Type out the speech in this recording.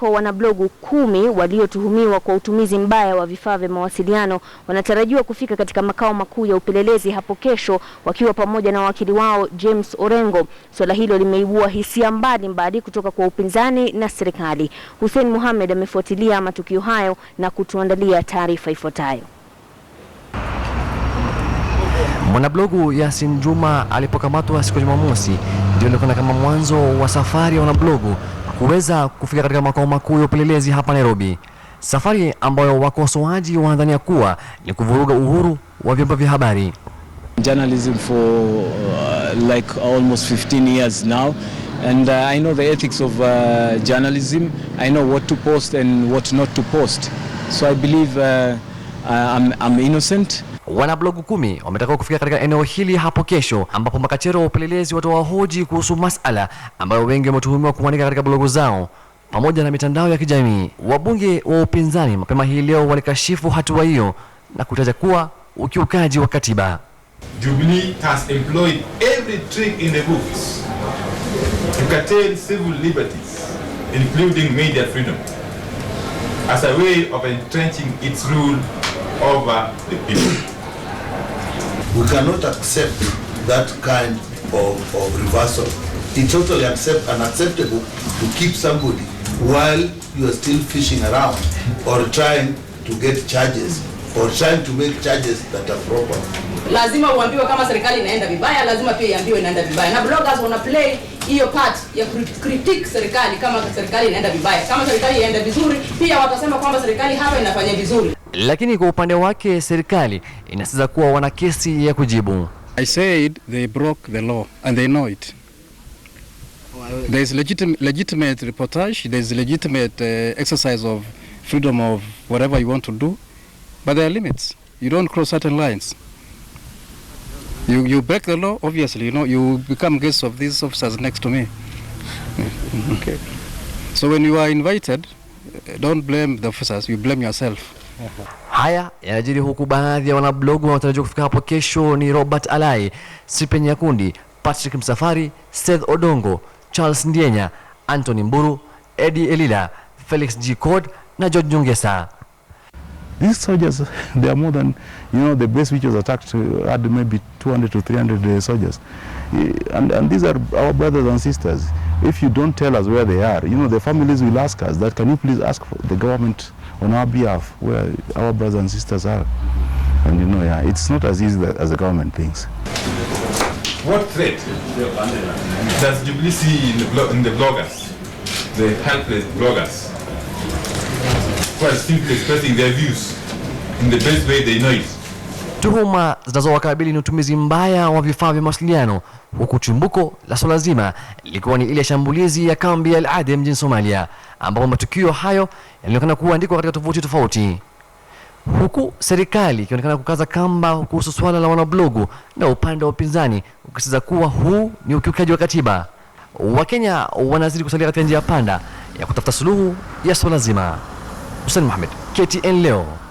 kwa wanablogu kumi waliotuhumiwa kwa utumizi mbaya wa vifaa vya mawasiliano wanatarajiwa kufika katika makao makuu ya upelelezi hapo kesho wakiwa pamoja na wakili wao James Orengo. Suala hilo limeibua hisia mbalimbali kutoka kwa upinzani na serikali. Hussein Mohamed amefuatilia matukio hayo na kutuandalia taarifa ifuatayo. Mwanablogu Yasin Juma alipokamatwa siku ya Jumamosi ndio ilikuwa kama mwanzo wa safari ya wanablogu kuweza kufika katika makao makuu ya upelelezi hapa Nairobi, safari ambayo wakosoaji wanadhania kuwa ni kuvuruga uhuru wa vyombo vya habari. Journalism for uh, like almost 15 years now and uh, I know the ethics of uh, journalism. I know what to post and what not to post. So I believe uh, uh I'm, I'm innocent. Wanablogu kumi wametakiwa kufika katika eneo hili hapo kesho, ambapo makachero wa upelelezi watawahoji kuhusu masala ambayo wengi wametuhumiwa kuandika katika blogu zao pamoja na mitandao ya kijamii. Wabunge wa upinzani mapema hii leo walikashifu hatua wa hiyo na kutaja kuwa ukiukaji wa katiba. Jubilee has employed every trick in the books to curtail civil liberties including media freedom as a way of entrenching its rule over the people. We cannot accept that kind of, of reversal. It's totally accept, unacceptable to keep somebody while you are still fishing around or trying to get charges or trying to make charges that are proper. Lazima uambiwe kama serikali inaenda vibaya, lazima pia iambiwe inaenda vibaya. Na bloggers wana play hiyo part ya critique serikali kama serikali inaenda vibaya. Kama serikali inaenda vizuri, pia watasema kwamba serikali hapa inafanya vizuri. Lakini kwa upande wake serikali inasisitiza kuwa wana kesi ya kujibu. I said they broke the law and they know it. There is legitimate, legitimate reportage, there is legitimate uh, exercise of freedom of whatever you want to do, but there are limits. You don't cross certain lines. You, you break the law, obviously, you know, you become guests of these officers next to me. Okay. So when you are invited, uh, don't blame the officers, you blame yourself. Haya yanajiri huku baadhi ya wanablogu wanaotarajiwa kufika hapo kesho ni Robert Alai, Sipen Nyakundi, Patrick Msafari, Seth Odongo, Charles Ndienya, Anthony Mburu, Eddie Elila, Felix G. Cod na George Nyongesa. These soldiers, they are more than, you know, the base which was attacked uh, had maybe 200 to 300 uh, soldiers. Eh, and, and these are our brothers and sisters. If you don't tell us where they are, you know, the families will ask us that, can you please ask for the government on our behalf where our brothers and sisters are. And you know, yeah, it's not as easy as the government thinks. What threat does Jubilee see in the, blo in the bloggers, the helpless bloggers, who are simply expressing their views in the best way they know it? Tuhuma zinazowakabili ni utumizi mbaya wa vifaa vya mawasiliano, huku chimbuko la swala zima likiwa ni ile shambulizi ya kambi ya Al Ade mjini Somalia, ambapo matukio hayo yalionekana kuandikwa katika tovuti tofauti, huku serikali ikionekana kukaza kamba kuhusu swala la wanablogu na upande wa upinzani ukisisitiza kuwa huu ni ukiukaji wa katiba. Wakenya wanazidi kusalia katika njia panda ya kutafuta suluhu ya swala zima. Hussein Mohamed, KTN leo.